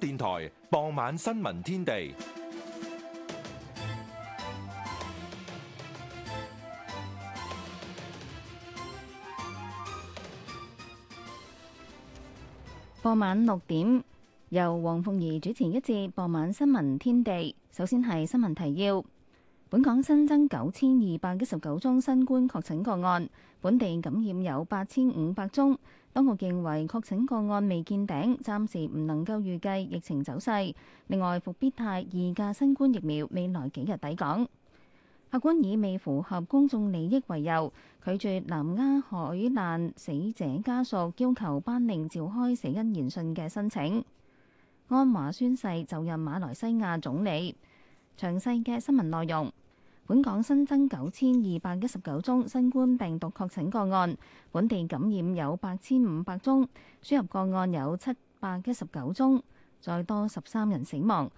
電台傍晚新聞天地，傍晚六點由黃鳳儀主持一節傍晚新聞天地。首先係新聞提要。本港新增九千二百一十九宗新冠確診個案，本地感染有八千五百宗。當局認為確診個案未見頂，暫時唔能夠預計疫情走勢。另外，復必泰二價新冠疫苗未來幾日抵港。客官以未符合公眾利益為由，拒絕南丫海難死者家屬要求頒令召開死因研訊嘅申請。安華宣誓就任馬來西亞總理。詳細嘅新聞內容。本港新增九千二百一十九宗新冠病毒確診個案，本地感染有八千五百宗，輸入個案有七百一十九宗，再多十三人死亡。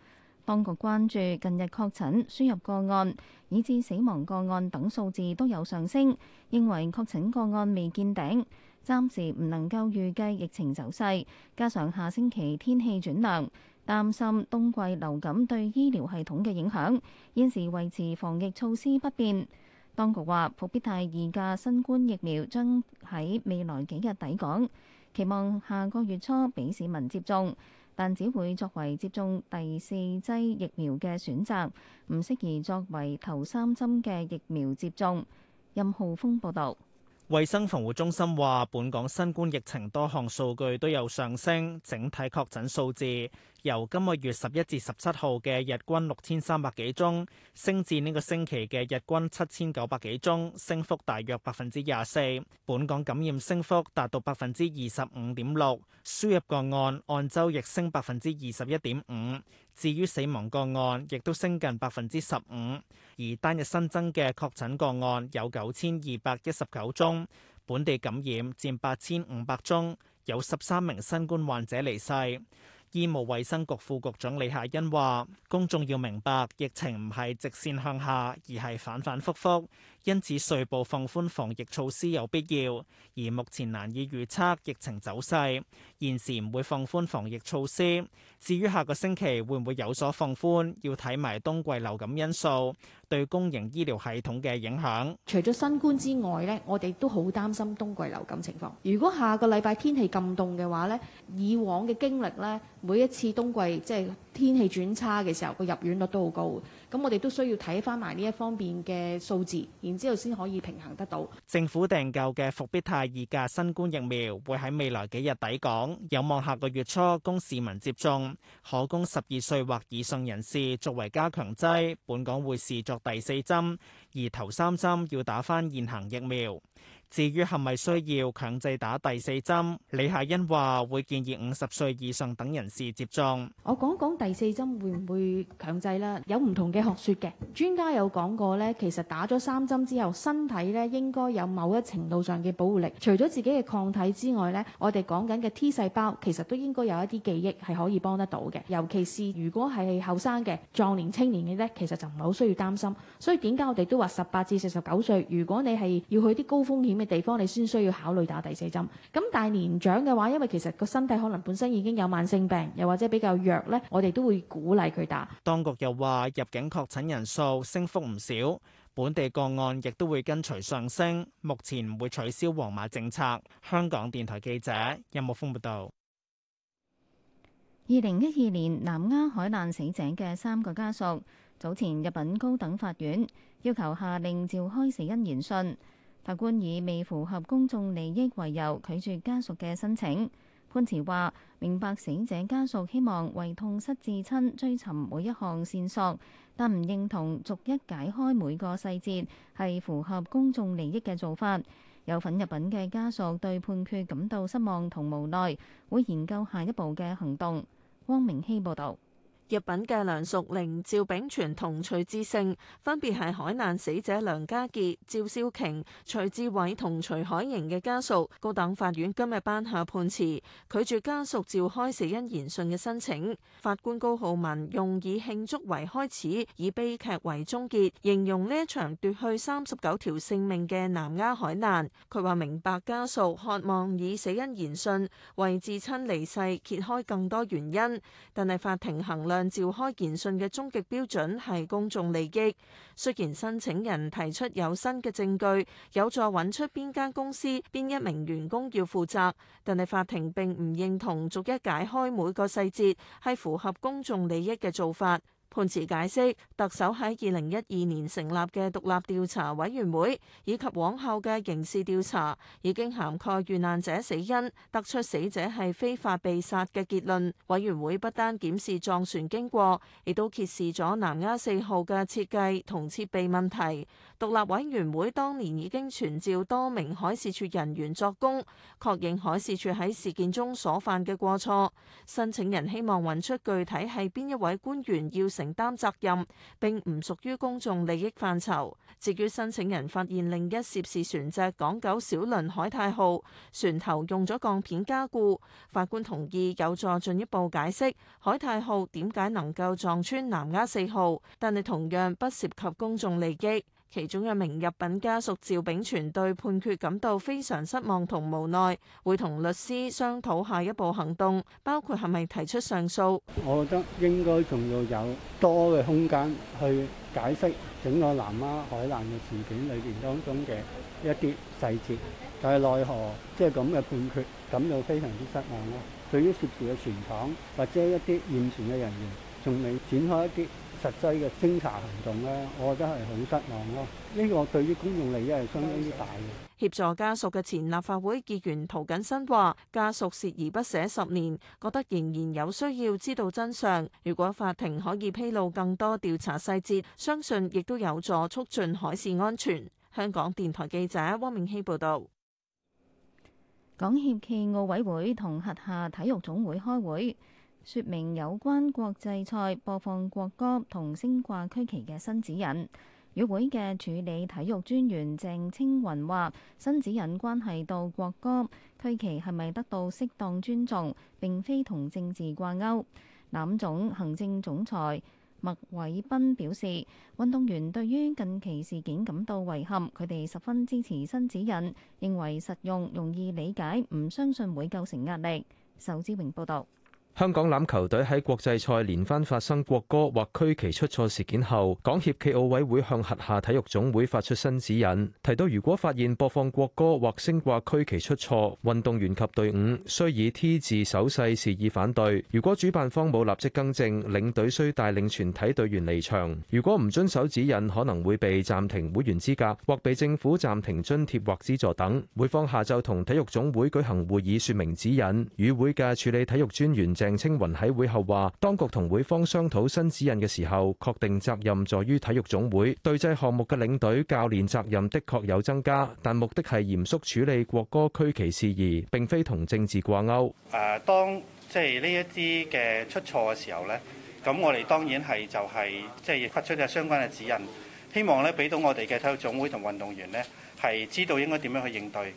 當局關注近日確診、輸入個案以至死亡個案等數字都有上升，認為確診個案未見頂，暫時唔能夠預計疫情走勢，加上下星期天氣轉涼，擔心冬季流感對醫療系統嘅影響，現時維持防疫措施不變，當局話，普必泰二價新冠疫苗將喺未來幾日抵港，期望下個月初俾市民接種，但只會作為接種第四劑疫苗嘅選擇，唔適宜作為頭三針嘅疫苗接種。任浩峰報道，衛生防護中心話，本港新冠疫情多項數據都有上升，整體確診數字，由今個月十一至十七號嘅日均六千三百幾宗，升至呢個星期嘅日均七千九百幾宗，升幅大約百分之廿四。本港感染升幅達到百分之二十五點六，輸入個案按周亦升百分之二十一點五。至於死亡個案，亦都升近百分之十五。而單日新增嘅確診個案有九千二百一十九宗，本地感染佔八千五百宗，有十三名新冠患者離世。醫務衛生局副局長李夏欣話，公眾要明白，疫情唔係直線向下，而係反反复复。因此，逐步放寬防疫措施有必要，而目前難以預測疫情走勢。現時唔會放寬防疫措施。至於下個星期會唔會有所放寬，要睇埋冬季流感因素對公營醫療系統嘅影響。除咗新冠之外呢，我哋都好擔心冬季流感情況。如果下個禮拜天氣咁凍嘅話呢，以往嘅經歷呢，每一次冬季即係，就是天氣轉差嘅時候，個入院率都好高，咁我哋都需要睇翻埋呢一方面嘅數字，然之後先可以平衡得到。政府訂購嘅復必泰二價新冠疫苗會喺未來幾日抵港，有望下個月初供市民接種，可供十二歲或以上人士作為加強劑。本港會視作第四針，而頭三針要打翻現行疫苗。至於係咪需要強制打第四針？李夏欣話會建議五十歲以上等人士接種。我講講第四針會唔會強制啦？有唔同嘅學説嘅。專家有講過呢，其實打咗三針之後，身體呢應該有某一程度上嘅保護力。除咗自己嘅抗體之外呢，我哋講緊嘅 T 細胞其實都應該有一啲記憶係可以幫得到嘅。尤其是如果係後生嘅、壯年、青年嘅呢，其實就唔係好需要擔心。所以點解我哋都話十八至四十九歲，如果你係要去啲高風險地方你先需要考慮打第四針咁。大年長嘅話，因為其實個身體可能本身已經有慢性病，又或者比較弱呢，我哋都會鼓勵佢打。當局又話入境確診人數升幅唔少，本地個案亦都會跟隨上升。目前唔會取消黃碼政策。香港電台記者任木峰報導。二零一二年南丫海難死者嘅三個家屬早前入禀高等法院，要求下令召開死因研訊。法官以未符合公眾利益為由拒絕家屬嘅申請。判詞話明白死者家屬希望為痛失至親追尋每一項線索，但唔認同逐一解開每個細節，係符合公眾利益嘅做法。有份入稟嘅家屬對判決感到失望同無奈，會研究下一步嘅行動。汪明希報道。入稟嘅梁淑玲、趙炳全同徐志勝，分別係海難死者梁家傑、趙少瓊、徐志偉同徐海瑩嘅家屬。高等法院今日頒下判詞，拒絕家屬召開死因研訊嘅申請。法官高浩文用以慶祝為開始，以悲劇為終結，形容呢一場奪去三十九條性命嘅南丫海難。佢話明白家屬渴望以死因研訊為至親離世揭開更多原因，但係法庭行。量召開研訊嘅終極標準係公眾利益。雖然申請人提出有新嘅證據，有助揾出邊間公司、邊一名員工要負責，但係法庭並唔認同逐一解開每個細節係符合公眾利益嘅做法。判詞解釋，特首喺二零一二年成立嘅獨立調查委員會，以及往後嘅刑事調查，已經涵蓋遇難者死因，得出死者係非法被殺嘅結論。委員會不單檢視撞船經過，亦都揭示咗南丫四號嘅設計同設備問題。獨立委員會當年已經傳召多名海事處人員作供，確認海事處喺事件中所犯嘅過錯。申請人希望揾出具體係邊一位官員要承擔責任，並唔屬於公眾利益範疇。至於申請人發現另一涉事船隻港九小輪海泰號船頭用咗鋼片加固，法官同意有助進一步解釋海泰號點解能夠撞穿南丫四號，但係同樣不涉及公眾利益。其中一名入稟家屬趙炳全對判決感到非常失望同無奈，會同律師商討下一步行動，包括係咪提出上訴。我覺得應該仲要有多嘅空間去解釋整個南丫海難嘅事件裏邊當中嘅一啲細節，但係奈何即係咁嘅判決感到非常之失望咯對於涉事嘅船廠或者一啲現存嘅人員仲未展開一啲實際嘅偵查行動呢，我覺得係好失望咯。呢個對於公共利益係相當之大嘅。協助家屬嘅前立法會議員涂謹申話：家屬鍥而不捨十年，覺得仍然有需要知道真相。如果法庭可以披露更多調查細節，相信亦都有助促進海事安全。香港電台記者汪明希報導。港協暨奧委會同轄下體育總會開會。說明有關國際賽播放國歌同升掛區旗嘅新指引，與會嘅處理體育專員鄭青雲話：新指引關係到國歌區旗係咪得到適當尊重，並非同政治掛鈎。欖總行政總裁麥偉斌表示，運動員對於近期事件感到遺憾，佢哋十分支持新指引，認為實用、容易理解，唔相信會構成壓力。仇志榮報導。香港欖球隊喺國際賽連番發生國歌或區旗出錯事件後，港協暨奧委會向轄下體育總會發出新指引，提到如果發現播放國歌或升掛區旗出錯，運動員及隊伍需以 T 字手勢示意反對。如果主辦方冇立即更正，領隊需帶領全體隊員離場。如果唔遵守指引，可能會被暫停會員資格或被政府暫停津貼或資助等。會方下晝同體育總會舉行會議說明指引，與會嘅處理體育專員。鄭青雲喺會後話，當局同會方商討新指引嘅時候，確定責任在於體育總會。對制項目嘅領隊教練責任的確有增加，但目的係嚴肅處理國歌區旗事宜，並非同政治掛鈎。誒、當即係呢一啲嘅出錯嘅時候咧，咁我哋當然係就係即係發出咗相關嘅指引，希望咧俾到我哋嘅體育總會同運動員咧係知道應該點樣去應對。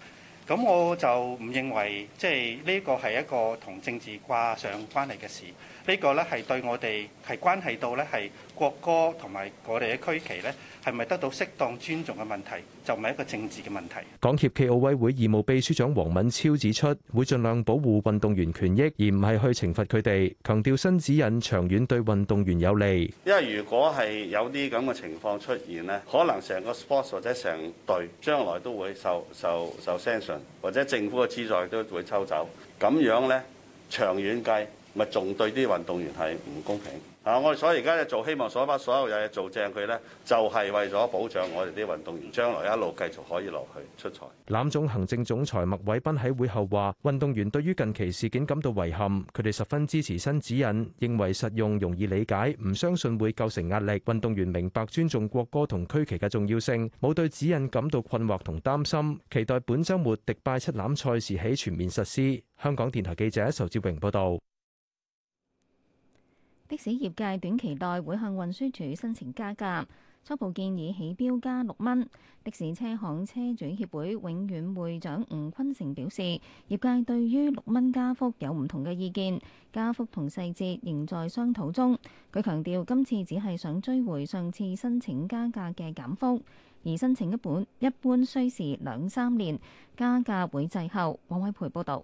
咁，我就唔認為，即係呢個係一個同政治掛上關係嘅事。呢個咧係對我哋係關係到咧係國歌同埋我哋嘅區旗咧係咪得到適當尊重嘅問題，就唔係一個政治嘅問題。港協暨奧委會義務秘書長黃敏超指出，會盡量保護運動員權益而，而唔係去懲罰佢哋。強調新指引長遠對運動員有利。因為如果係有啲咁嘅情況出現咧，可能成個 sports 或者成隊將來都會受受受 sanction，或者政府嘅資助都會抽走。咁樣咧，長遠計。咪仲對啲運動員係唔公平啊！我哋所以而家做希望，所把所有嘢做正佢咧，就係為咗保障我哋啲運動員將來一路繼續可以落去出賽。欖總行政總裁麥偉斌喺會後話運動員對於近期事件感到遺憾，佢哋十分支持新指引，認為實用容易理解，唔相信會構成壓力。運動員明白尊重國歌同區旗嘅重要性，冇對指引感到困惑同擔心。期待本周末迪拜七欖賽事起全面實施。香港電台記者仇志榮報道。的士業界短期內會向運輸署申請加價，初步建議起標加六蚊。的士車行車主協會永遠會長吳坤成表示，業界對於六蚊加幅有唔同嘅意見，加幅同細節仍在商討中。佢強調，今次只係想追回上次申請加價嘅減幅，而申請一本一般需時兩三年。加價會滯後。王偉培報導。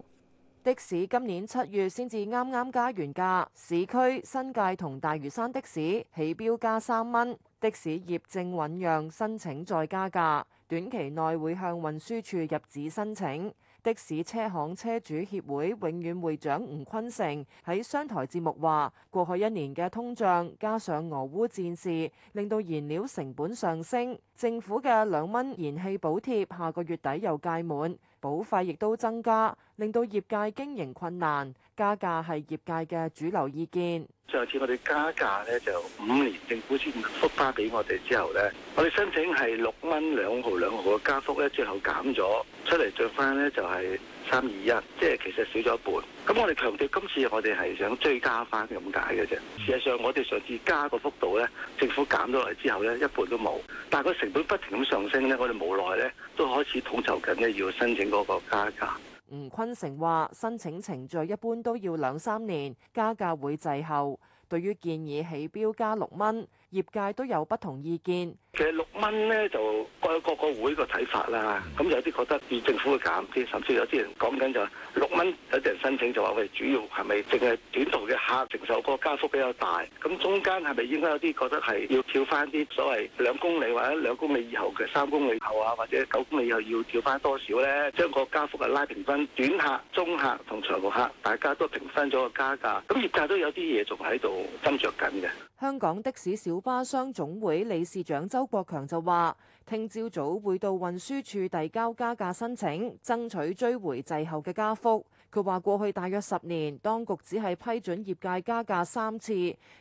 的士今年七月先至啱啱加完價，市區新界同大嶼山的士起標加三蚊。的士業正醞釀申請再加價，短期內會向運輸處入紙申請。的士車行車主協會永遠會長吳坤成喺商台節目話，過去一年嘅通脹加上俄烏戰事，令到燃料成本上升。政府嘅兩蚊燃氣補貼下個月底又屆滿，保費亦都增加。令到業界經營困難，加價係業界嘅主流意見。上次我哋加價咧，就五年政府先覆返俾我哋之後咧，我哋申請係六蚊兩毫兩毫嘅加幅咧，最後減咗出嚟，着翻咧就係三二一，即係其實少咗一半。咁我哋強調今次我哋係想追加翻咁解嘅啫。事實上，我哋上次加嗰幅度咧，政府減咗嚟之後咧，一半都冇。但係個成本不停咁上升咧，我哋無奈咧都開始統籌緊咧，要申請嗰個加價。吳坤成話：申請程序一般都要兩三年，加價會滯後。對於建議起標加六蚊，業界都有不同意見。其實六蚊呢，就各有各個會個睇法啦。咁有啲覺得要政府減啲，甚至有啲人講緊就六蚊有啲人申請就話喂，主要係咪淨係短途嘅客承受個加幅比較大？咁中間係咪應該有啲覺得係要跳翻啲所謂兩公里或者兩公里以後嘅三公里後啊，或者九公里後要跳翻多少咧？將個加幅係拉平分短客、中客同長途客，大家都平分咗個加價。咁業界都有啲嘢仲喺度斟酌緊嘅香港的士小巴商總會理事長周國強就話，聽朝早會到運輸處遞交加價申請，爭取追回滯後嘅加幅。佢話，過去大約十年，當局只係批准業界加價三次。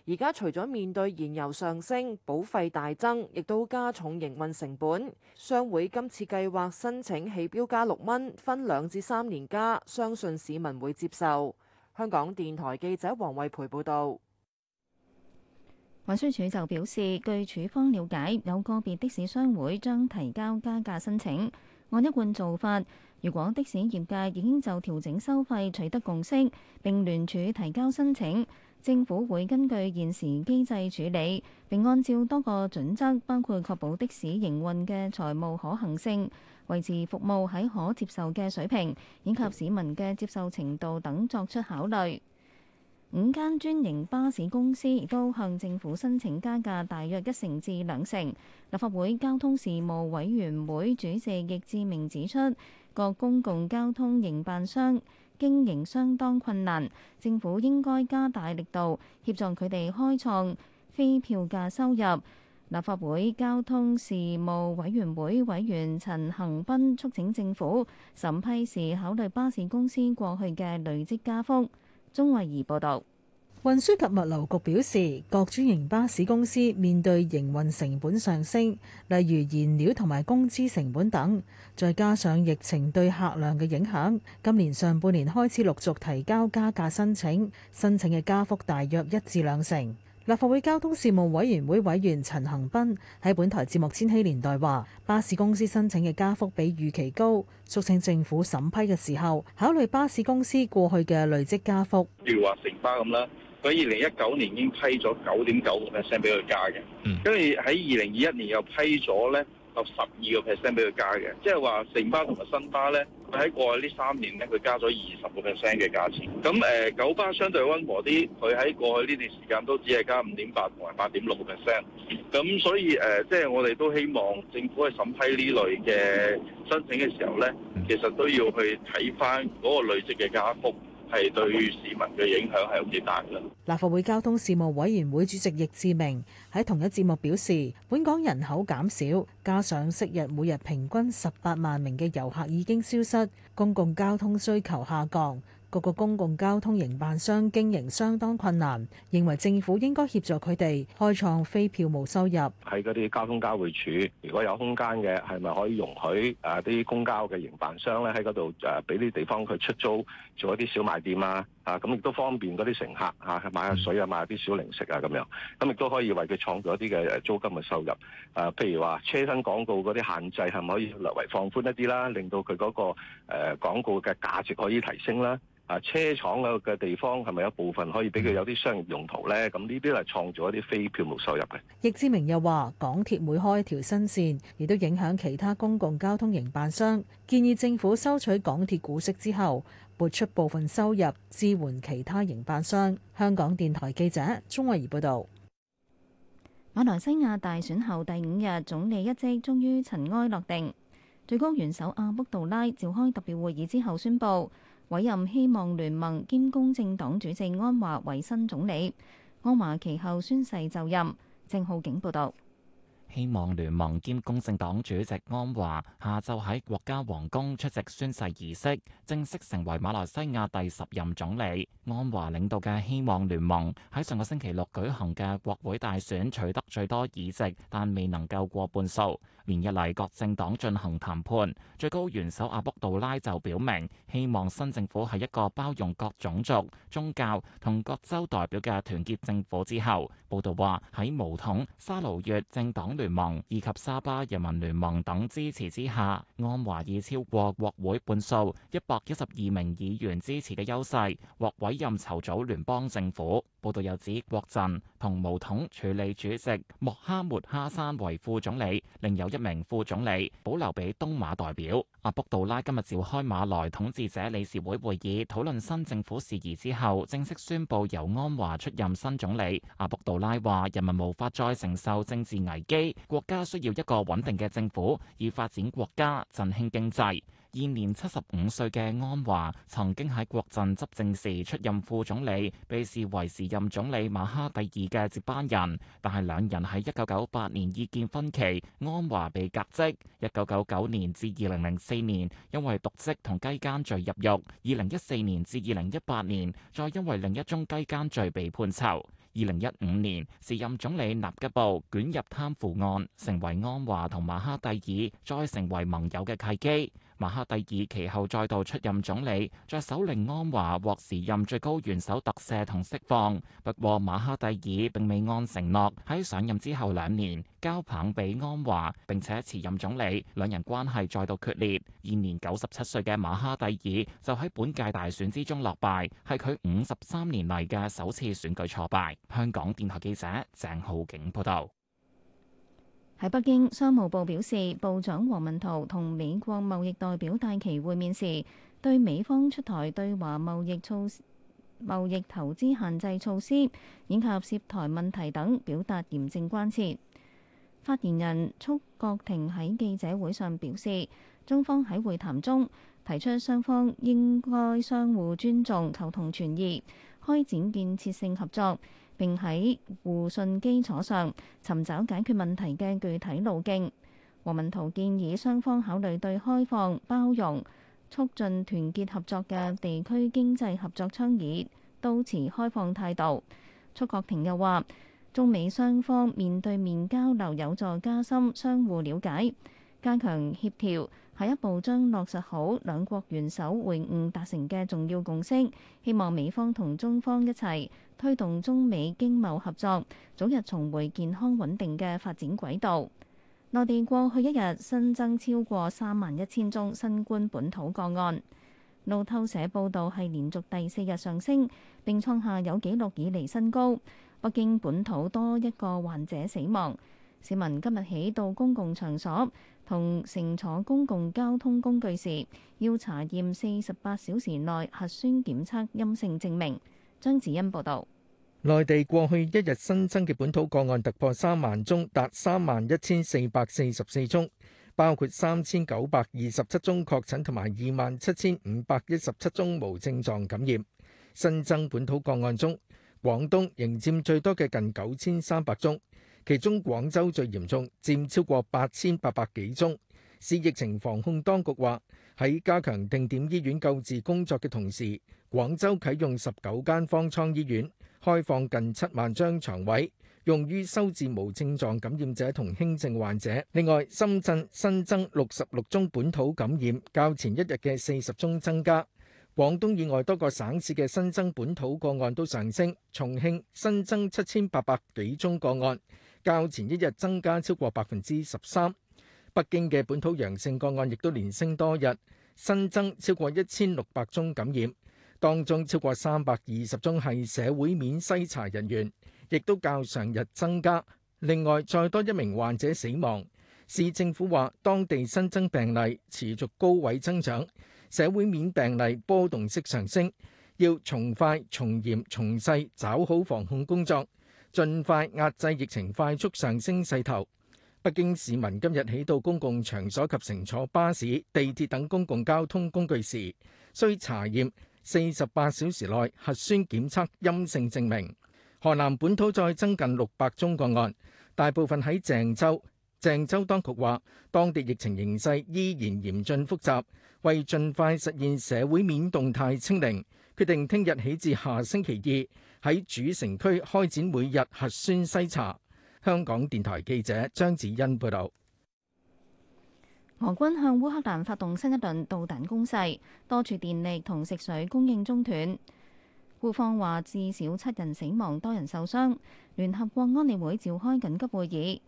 而家除咗面對燃油上升、保費大增，亦都加重營運成本。商會今次計劃申請起標加六蚊，分兩至三年加，相信市民會接受。香港電台記者黃慧培報導。運輸署就表示，據署方了解，有個別的士商會將提交加價申請。按一貫做法，如果的士業界已經就調整收費取得共識並聯署提交申請，政府會根據現時機制處理，並按照多個準則，包括確保的士營運嘅財務可行性、維持服務喺可接受嘅水平，以及市民嘅接受程度等作出考慮。五間專營巴士公司亦都向政府申請加價大約一成至兩成。立法會交通事務委員會主席易志明指出，各公共交通營辦商經營相當困難，政府應該加大力度協助佢哋開創非票價收入。立法會交通事務委員會委員陳恒斌促請政府審批時考慮巴士公司過去嘅累積加幅。鍾慧儀報道，運輸及物流局表示，各專營巴士公司面對營運成本上升，例如燃料同埋工資成本等，再加上疫情對客量嘅影響，今年上半年開始陸續提交加價申請，申請嘅加幅大約一至兩成。立法會交通事務委員會委員陳恒鑌喺本台節目《千禧年代》話，巴士公司申請嘅加幅比預期高，促請政府審批嘅時候考慮巴士公司過去嘅累積加幅，譬如話城巴咁啦，佢二零一九年已經批咗九點九 percent 俾佢加嘅。嗯，跟住喺二零二一年又批咗咧，十二個 percent 俾佢加嘅，即係話城巴同埋新巴咧，佢喺過去呢三年咧，佢加咗二十個 percent 嘅價錢。咁誒九巴相對溫和啲，佢喺過去呢段時間都只係加五點八同埋八點六個 percent。咁所以誒，即係我哋都希望政府喺審批呢類嘅申請嘅時候咧，其實都要去睇翻嗰個累積嘅加幅。係對市民嘅影響係好之大嘅。立法會交通事務委員會主席易志明喺同一節目表示，本港人口減少，加上昔日每日平均十八萬名嘅遊客已經消失，公共交通需求下降。各個公共交通營辦商經營相當困難，認為政府應該協助佢哋開創非票務收入。喺嗰啲交通交匯處，如果有空間嘅，係咪可以容許啊啲公交嘅營辦商咧喺嗰度誒俾啲地方佢出租，做一啲小賣店啊？啊，咁亦都方便嗰啲乘客嚇，買下水啊，買下啲小零食啊，咁樣咁亦都可以為佢創造一啲嘅租金嘅收入。啊，譬如話車身廣告嗰啲限制，係咪可以略為放寬一啲啦，令到佢嗰，那個誒、呃、廣告嘅價值可以提升啦。啊，車廠嘅地方係咪有部分可以俾佢有啲商業用途咧？咁呢啲係創造一啲非票務收入嘅。易志明又話港鐵每開一條新綫，亦都影響其他公共交通營辦商，建議政府收取港鐵股息之後，撥出部分收入支援其他營辦商。香港電台記者鍾慧儀報導。馬來西亞大選後第五日，總理一職終於塵埃落定。最高元首阿卜杜拉召開特別會議之後，宣布委任希望聯盟兼公正黨主席安華為新總理。安華其後宣誓就任。鄭浩景報道。希望聯盟兼公正黨主席安華下晝喺國家皇宮出席宣誓儀式，正式成為馬來西亞第十任總理。安華領導嘅希望聯盟喺上個星期六舉行嘅國會大選取得最多議席，但未能夠過半數。連日嚟各政黨進行談判，最高元首阿卜杜拉就表明希望新政府係一個包容各種族、宗教同各州代表嘅團結政府。之後，報道話喺巫統沙勞越政黨聯盟以及沙巴人民聯盟等支持之下，安華已超過國會半數一百一十二名議員支持嘅優勢獲委任籌組聯邦政府。報道又指，國陣同毛統處理主席莫哈末哈山為副總理，另有一名副總理保留俾東馬代表。阿卜杜拉今日召開馬來統治者理事會會議討論新政府事宜之後，正式宣布由安華出任新總理。阿卜杜拉話，人民無法再承受政治危機。國家需要一個穩定嘅政府，以發展國家振興經濟。現年七十五歲嘅安華曾經喺國陣執政時出任副總理，被視為時任總理馬哈蒂爾嘅接班人。但係兩人喺一九九八年意見分歧，安華被革職。一九九九年至二零零四年，因為瀆職同雞姦罪入獄。二零一四年至二零一八年，再因為另一宗雞姦罪被判囚。二零一五年，時任總理納吉布捲入貪腐案，成為安華同馬哈蒂爾再成為盟友嘅契機。馬哈蒂爾其後再度出任總理，再首令安華獲時任最高元首特赦同釋放。不過馬哈蒂爾並未按承諾喺上任之後兩年交棒俾安華，並且辭任總理，兩人關係再度決裂。現年九十七歲嘅馬哈蒂爾就喺本屆大選之中落敗，係佢五十三年嚟嘅首次選舉挫敗。香港電台記者鄭浩景報道。喺北京，商務部表示，部長王文濤同美國貿易代表戴琪會面時，對美方出台對華貿易措施貿易投資限制措施以及涉台問題等表達嚴正關切。發言人束珏婷喺記者會上表示，中方喺會談中提出雙方應該相互尊重、求同存異，開展建設性合作。並喺互信基礎上尋找解決問題嘅具體路徑。黃文濤建議雙方考慮對開放包容、促進團結合作嘅地區經濟合作倡議，都持開放態度。束珏婷又話：中美雙方面對面交流有助加深相互了解，加強協調，下一步將落實好兩國元首會晤達成嘅重要共識。希望美方同中方一齊，推動中美經貿合作，早日重回健康穩定嘅發展軌道。內地過去一日新增超過三萬一千宗新冠本土個案。路透社報道係連續第四日上升，並創下有紀錄以嚟新高。北京本土多一個患者死亡。市民今日起到公共場所同乘坐公共交通工具時，要查驗四十八小時內核酸檢測陰性證明。張子欣報道，內地過去一日新增嘅本土個案突破三萬宗，達三萬一千四百四十四宗，包括三千九百二十七宗確診同埋二萬七千五百一十七宗無症狀感染。新增本土個案中，廣東仍佔最多嘅近九千三百宗，其中廣州最嚴重，佔超過八千八百幾宗。市疫情防控當局話，喺加強定點醫院救治工作嘅同時，廣州啟用十九間方艙醫院，開放近七萬張床位，用於收治無症狀感染者同輕症患者。另外，深圳新增六十六宗本土感染，較前一日嘅四十宗增加。廣東以外多個省市嘅新增本土個案都上升，重慶新增七千八百幾宗個案，較前一日增加超過百分之十三。北京嘅本土陽性個案亦都連升多日，新增超過一千六百宗感染，當中超過三百二十宗係社會面篩查人員，亦都較上日增加。另外，再多一名患者死亡。市政府話，當地新增病例持續高位增長，社會面病例波動式上升，要從快重重、從嚴從細抓好防控工作，盡快壓制疫情快速上升勢頭。北京市民今日起到公共場所及乘坐巴士、地鐵等公共交通工具時，需查驗四十八小時內核酸檢測陰性證明。河南本土再增近六百宗個案，大部分喺鄭州。鄭州當局話，當地疫情形勢依然嚴峻複雜，為盡快實現社會面動態清零，決定聽日起至下星期二喺主城區開展每日核酸篩查。香港電台記者張子欣報道：俄軍向烏克蘭發動新一輪導彈攻勢，多處電力同食水供應中斷。烏方話至少七人死亡，多人受傷。聯合國安理會召開緊急會議。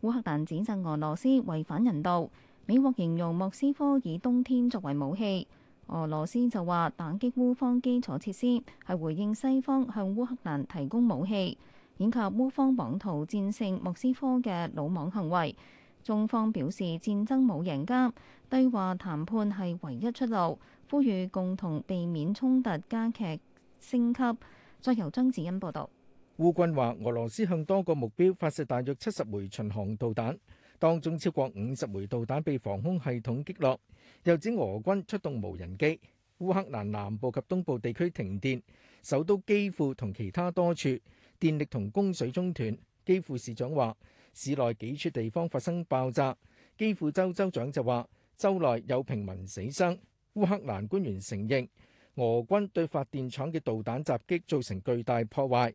烏克蘭指責俄羅斯違反人道，美國形容莫斯科以冬天作為武器。俄羅斯就話打擊烏方基礎設施，係回應西方向烏克蘭提供武器。以及烏方妄圖戰勝莫斯科嘅魯莽行為，中方表示戰爭冇贏家，對話談判係唯一出路，呼籲共同避免衝突加劇升級。再由曾子恩報導，烏軍話俄羅斯向多個目標發射大約七十枚巡航導彈，當中超過五十枚導彈被防空系統擊落。又指俄軍出動無人機，烏克蘭南，南部及東部地區停電，首都基輔同其他多處。電力同供水中斷。基輔市長話市內幾處地方發生爆炸。基輔州州長就話州內有平民死傷。烏克蘭官員承認俄軍對發電廠嘅導彈襲擊造成巨大破壞。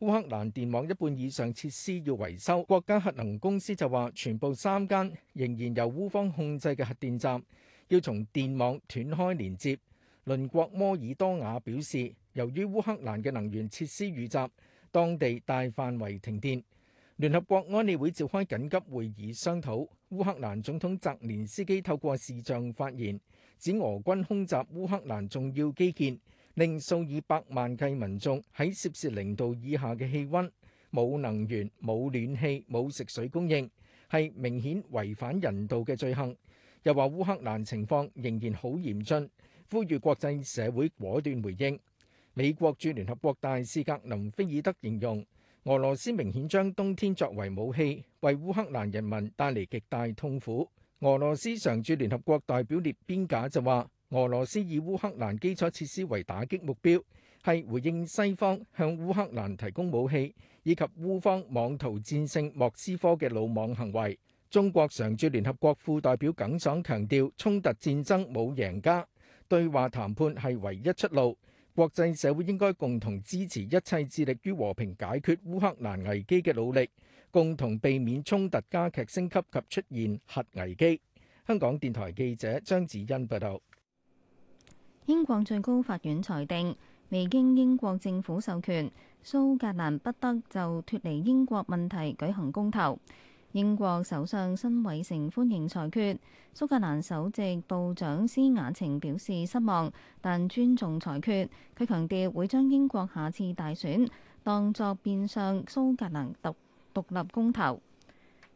烏克蘭電網一半以上設施要維修。國家核能公司就話全部三間仍然由烏方控制嘅核電站要從電網斷開連接。鄰國摩爾多瓦表示，由於烏克蘭嘅能源設施遇襲。當地大範圍停電。聯合國安理會召開緊急會議商討。烏克蘭總統澤連斯基透過視像發言，指俄軍空襲烏克蘭重要基建，令數以百萬計民眾喺攝氏零度以下嘅氣温，冇能源、冇暖氣、冇食水供應，係明顯違反人道嘅罪行。又話烏克蘭情況仍然好嚴峻，呼籲國際社會果斷回應。美國駐聯合國大使格林菲爾德形容，俄羅斯明顯將冬天作為武器，為烏克蘭人民帶嚟極大痛苦。俄羅斯常駐聯合國代表列邊架就話，俄羅斯以烏克蘭基礎設施為打擊目標，係回應西方向烏克蘭提供武器以及烏方妄圖戰勝莫斯科嘅魯莽行為。中國常駐聯合國副代表耿爽強調，衝突戰爭冇贏家，對話談判係唯一出路。國際社會應該共同支持一切致力於和平解決烏克蘭危機嘅努力，共同避免衝突加劇升級及出現核危機。香港電台記者張子欣報道。英國最高法院裁定，未經英國政府授權，蘇格蘭不得就脱離英國問題舉行公投。英國首相辛偉誠歡迎裁決，蘇格蘭首席部長施雅晴表示失望，但尊重裁決。佢強調會將英國下次大選當作變相蘇格蘭獨獨立公投。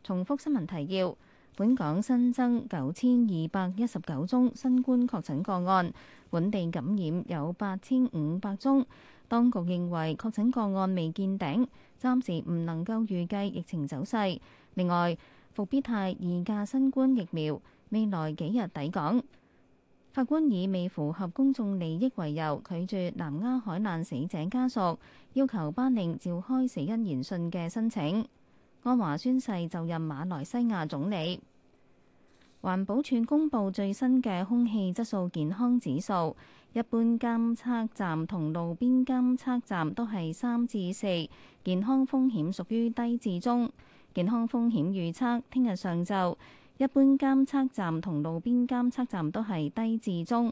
重複新聞提要：本港新增九千二百一十九宗新冠確診個案，本地感染有八千五百宗。當局認為確診個案未見頂，暫時唔能夠預計疫情走勢。另外，復必泰二價新冠疫苗未來幾日抵港。法官以未符合公眾利益為由，拒絕南丫海難死者家屬要求頒令召開死因研訊嘅申請。安華宣誓就任馬來西亞總理。環保署公布最新嘅空氣質素健康指數，一般監測站同路邊監測站都係三至四，4，健康風險屬於低至中。健康風險預測：聽日上晝，一般監測站同路邊監測站都係低至中；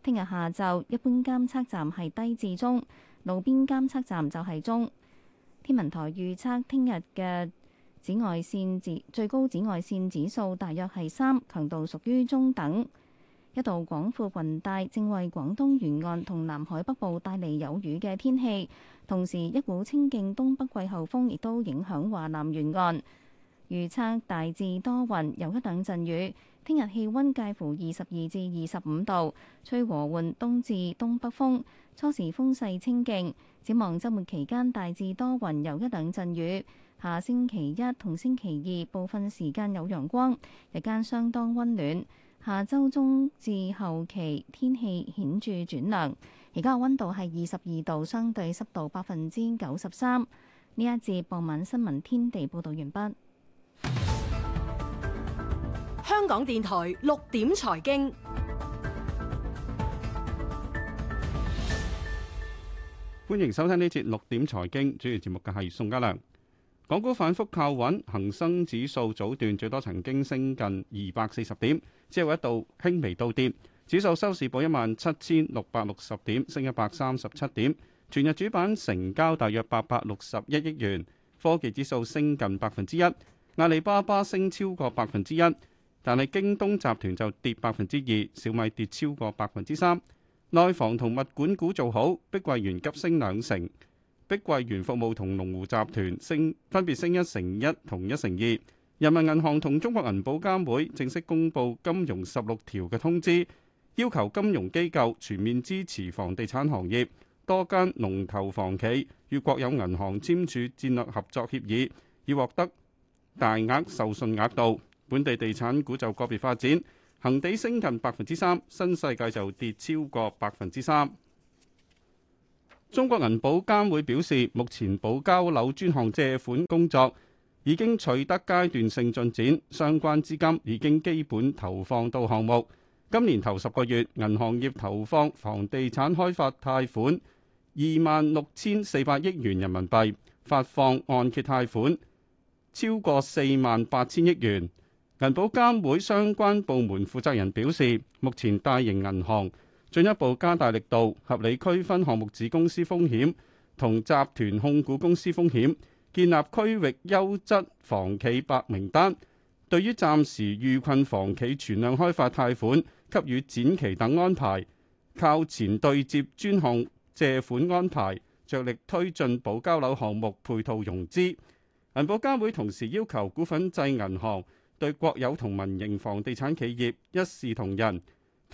聽日下晝，一般監測站係低至中，路邊監測站就係中。天文台預測聽日嘅紫外線指最高紫外線指數大約係三，強度屬於中等。一度廣闊雲帶正為廣東沿岸同南海北部帶嚟有雨嘅天氣，同時一股清勁東北季候風亦都影響華南沿岸。預測大致多雲，有一兩陣雨。聽日氣温介乎二十二至二十五度，吹和緩東至東北風，初時風勢清勁。展望週末期間大致多雲，有一兩陣雨。下星期一同星期二部分時間有陽光，日間相當温暖。下周中至後期天氣顯著轉涼，而家嘅溫度係二十二度，相對濕度百分之九十三。呢一節傍晚新聞天地報道完畢。香港電台六點財經，歡迎收聽呢節六點財經，主持節目嘅係宋家良。港股反覆靠穩，恒生指數早段最多曾經升近二百四十點，之後一度輕微倒跌。指數收市報一萬七千六百六十點，升一百三十七點。全日主板成交大約八百六十一億元。科技指數升近百分之一，阿里巴巴升超過百分之一，但係京東集團就跌百分之二，小米跌超過百分之三。內房同物管股做好，碧桂園急升兩成。碧桂園服務同龍湖集團升分別升一成一同一成二。人民銀行同中國銀保監會正式公布《金融十六條》嘅通知，要求金融機構全面支持房地產行業。多間龍頭房企與國有銀行簽署戰略合作協議，以獲得大額授信額度。本地地產股就個別發展，恒地升近百分之三，新世界就跌超過百分之三。中國銀保監會表示，目前保交樓專項借款工作已經取得階段性進展，相關資金已經基本投放到項目。今年頭十個月，銀行業投放房地產開發貸款二萬六千四百億元人民幣，發放按揭貸款超過四萬八千億元。銀保監會相關部門負責人表示，目前大型銀行進一步加大力度，合理區分項目子公司風險同集團控股公司風險，建立區域優質房企白名單。對於暫時遇困房企存量開發貸款，給予展期等安排。靠前對接專項借款安排，着力推進保交樓項目配套融資。銀保監會同時要求股份制銀行對國有同民營房地產企業一視同仁。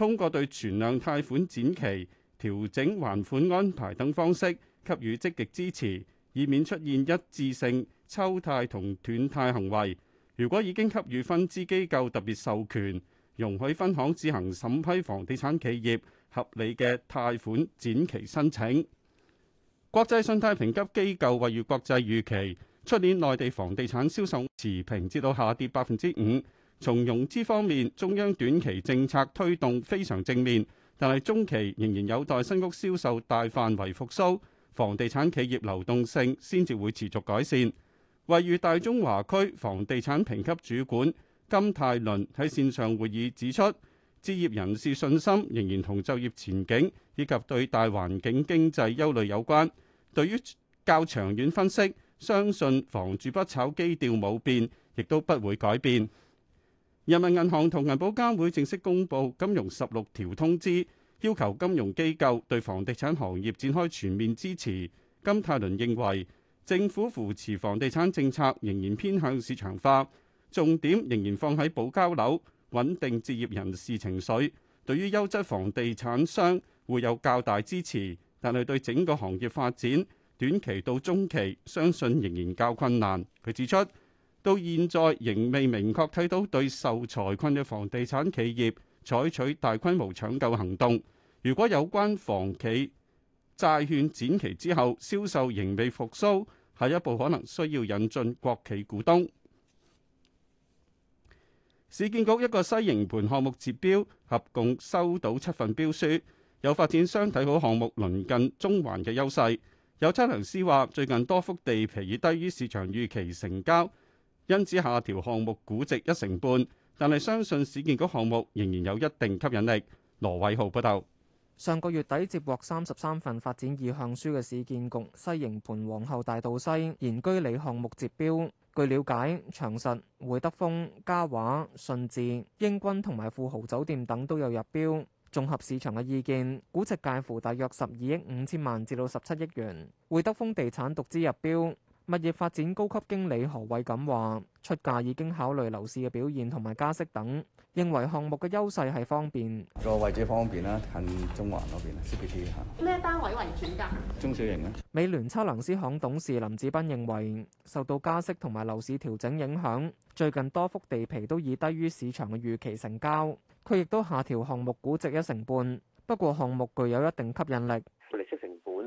通過對存量貸款展期、調整還款安排等方式給予積極支持，以免出現一致性抽貸同斷貸行為。如果已經給予分支機構特別授權，容許分行自行審批房地產企業合理嘅貸款展期申請。國際信貸評級機構惠譽國際預期，出年內地房地產銷售持平至到下跌百分之五。從融資方面，中央短期政策推動非常正面，但係中期仍然有待新屋銷售大範圍復甦，房地產企業流動性先至會持續改善。位於大中華區房地產評級主管金泰倫喺線上會議指出，置業人士信心仍然同就業前景以及對大環境經濟憂慮有關。對於較長遠分析，相信房住不炒基調冇變，亦都不會改變。人民銀行同銀保監會正式公布《金融十六條》通知，要求金融機構對房地產行業展開全面支持。金泰倫認為，政府扶持房地產政策仍然偏向市場化，重點仍然放喺保交樓、穩定置業人士情緒。對於優質房地產商會有較大支持，但係對整個行業發展，短期到中期，相信仍然較困難。佢指出。到現在仍未明確睇到對受財困嘅房地產企業採取大規模搶救行動。如果有關房企債券展期之後銷售仍未復甦，下一步可能需要引進國企股東。市建局一個西營盤項目截標，合共收到七份標書。有發展商睇好項目鄰近中環嘅優勢。有測量師話，最近多幅地皮已低於市場預期成交。因此，下調項目估值一成半，但係相信市建局項目仍然有一定吸引力。羅偉浩報道，上個月底接獲三十三份發展意向書嘅市建局西營盤皇后大道西賢居里項目截標。據了解，長實，會德豐嘉華信置英軍同埋富豪酒店等都有入標，綜合市場嘅意見，估值介乎大約十二億五千萬至到十七億元。會德豐地產獨資入標。物業發展高級經理何偉錦話，出價已經考慮樓市嘅表現同埋加息等，認為項目嘅優勢係方便。個位置方便啦，近中環嗰邊啊，C P T 咩單位為轉價？中小型啊。美聯測量師行董，董事林志斌認為，受到加息同埋樓市調整影響，最近多幅地皮都以低於市場嘅預期成交。佢亦都下調項目估值一成半，不過項目具有一定吸引力。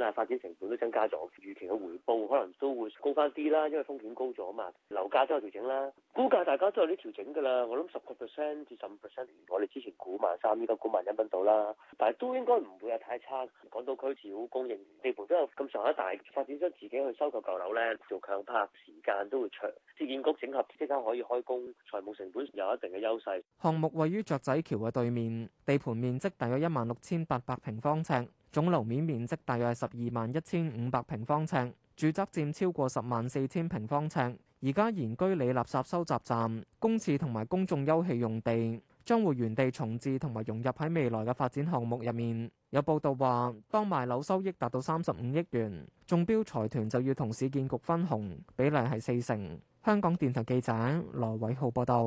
但發展成本都增加咗，預期嘅回報可能都會高返啲啦，因為風險高咗嘛。樓價都有調整啦，估計大家都有啲調整㗎啦。我諗十個 percent 至十五 percent，我哋之前估萬三，依家估萬一蚊度啦，但係都應該唔會有太差。港島區自有供應地盤都有咁，上一大發展商自己去收購舊樓咧，做強拍時間都會長，市建局整合即刻可以開工，財務成本有一定嘅優勢。項目位於雀仔橋嘅對面，地盤面積大約一萬六千八百平方呎。總樓面面積大約係十二萬一千五百平方尺，住宅佔超過十萬四千平方尺。而家現居裏垃圾收集站、廁公廁同埋公眾休憩用地，將會原地重置同埋融入喺未來嘅發展項目入面。有報道話，當賣樓收益達到三十五億元，中標財團就要同市建局分紅，比例係四成。香港電台記者羅偉浩報道。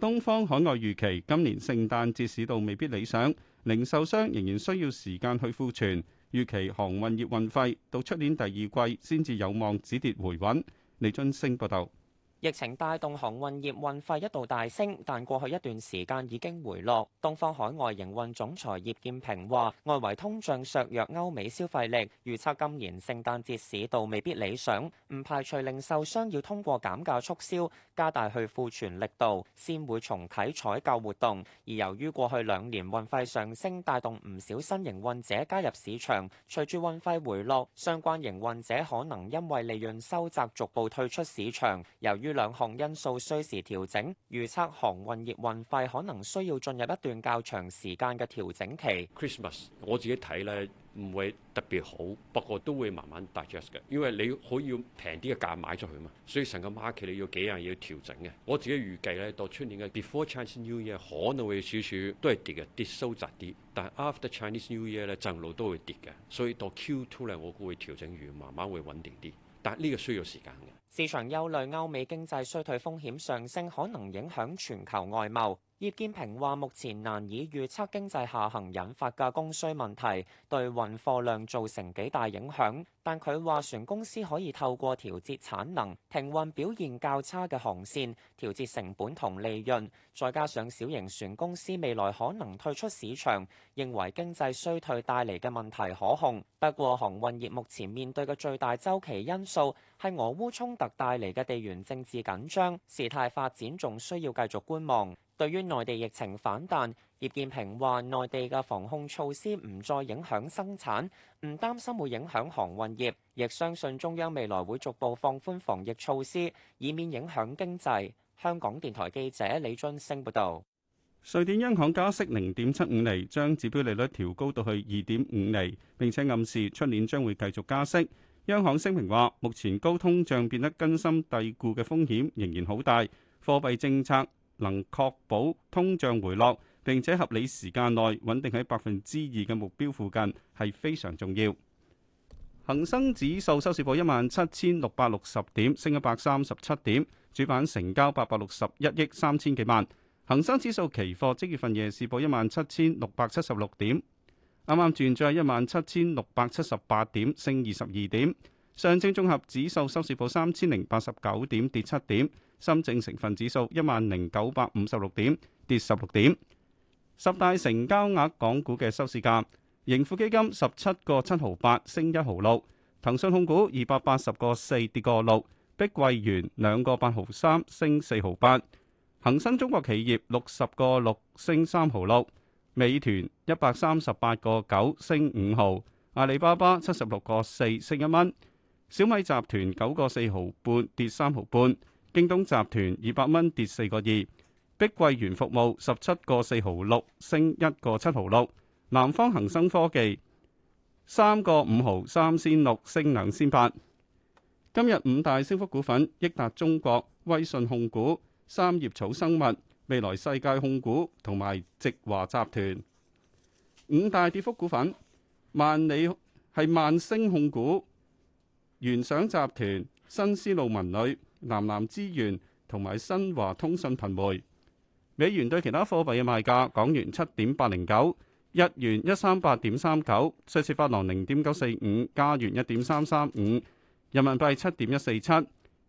東方海外預期今年聖誕節市道未必理想。零售商仍然需要時間去庫存，預期航運業運費到出年第二季先至有望止跌回穩，李津升報道。疫情帶動航運業運費一度大升，但過去一段時間已經回落。東方海外營運總裁葉建平話，外圍通脹削弱歐美消費力，預測今年聖誕節市道未必理想，唔排除零售商要通過減價促銷、加大去庫存力度，先會重啟採購活動。而由於過去兩年運費上升，帶動唔少新營運者加入市場，隨住運費回落，相關營運者可能因為利潤收窄，逐步退出市場。由於兩項因素需時調整，預測航運業運費可能需要進入一段較長時間嘅調整期。Christmas 我自己睇咧唔會特別好，不過都會慢慢 digest 嘅，因為你可以平啲嘅價買出去嘛。所以成個 market 你要幾樣嘢要調整嘅。我自己預計咧，到出年嘅 Before Chinese New Year 可能會少少都係跌嘅，跌收窄啲。但 After Chinese New Year 咧正路都會跌嘅。所以到 Q2 咧，我估會調整完，慢慢會穩定啲，但呢個需要時間嘅。市場憂慮歐美經濟衰退風險上升，可能影響全球外貿。葉建平話：目前難以預測經濟下行引發嘅供需問題對運貨量造成幾大影響，但佢話船公司可以透過調節產能、停運表現較差嘅航線、調節成本同利潤，再加上小型船公司未來可能退出市場，認為經濟衰退帶嚟嘅問題可控。不過，航運業目前面對嘅最大週期因素係俄烏衝突帶嚟嘅地緣政治緊張，事態發展仲需要繼續觀望。對於內地疫情反彈，葉建平話：內地嘅防控措施唔再影響生產，唔擔心會影響航運業，亦相信中央未來會逐步放寬防疫措施，以免影響經濟。香港電台記者李津星報道。瑞典央行加息零點七五釐，將指標利率調高到去二點五釐，並且暗示出年將會繼續加息。央行聲明話：目前高通脹變得根深蒂固嘅風險仍然好大，貨幣政策，能確保通脹回落，並且合理時間內穩定喺百分之二嘅目標附近，係非常重要。恒生指數收市報一萬七千六百六十點，升一百三十七點，主板成交八百六十一億三千幾萬。恒生指數期貨即月份夜市報一萬七千六百七十六點，啱啱轉咗，一萬七千六百七十八點，升二十二點。上證綜合指數收市報三千零八十九點，跌七點。深證成分指數一萬零九百五十六點，跌十六點。十大成交額港股嘅收市價，盈富基金十七個七毫八，升一毫六；騰訊控股二百八十個四，跌個六；碧桂園兩個八毫三，升四毫八；恒生中國企業六十個六，升三毫六；美團一百三十八個九，升五毫；阿里巴巴七十六個四，升一蚊；小米集團九個四毫半，跌三毫半。京東集團二百蚊跌四個二，碧桂園服務十七個四毫六升一個七毫六，南方恒生科技三個五毫三仙六升兩仙八。今日五大升幅股份：益達中國、威信控股、三葉草生物、未來世界控股同埋植華集團。五大跌幅股份：萬里系萬星控股、元想集團、新思路文旅。南南資源同埋新華通訊頻回。美元對其他貨幣嘅賣價：港元七點八零九，日元一三八點三九，瑞士法郎零點九四五，加元一點三三五，人民幣七點一四七，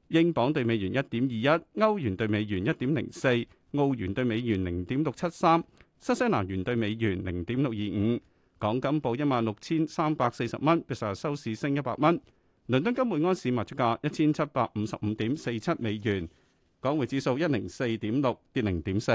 英鎊對美元一點二一，歐元對美元一點零四，澳元對美元零點六七三，新西蘭元對美元零點六二五。港金報一萬六千三百四十蚊，比上日收市升一百蚊。倫敦金每安士賣出價一千七百五十五點四七美元，港匯指數一零四點六，跌零點四。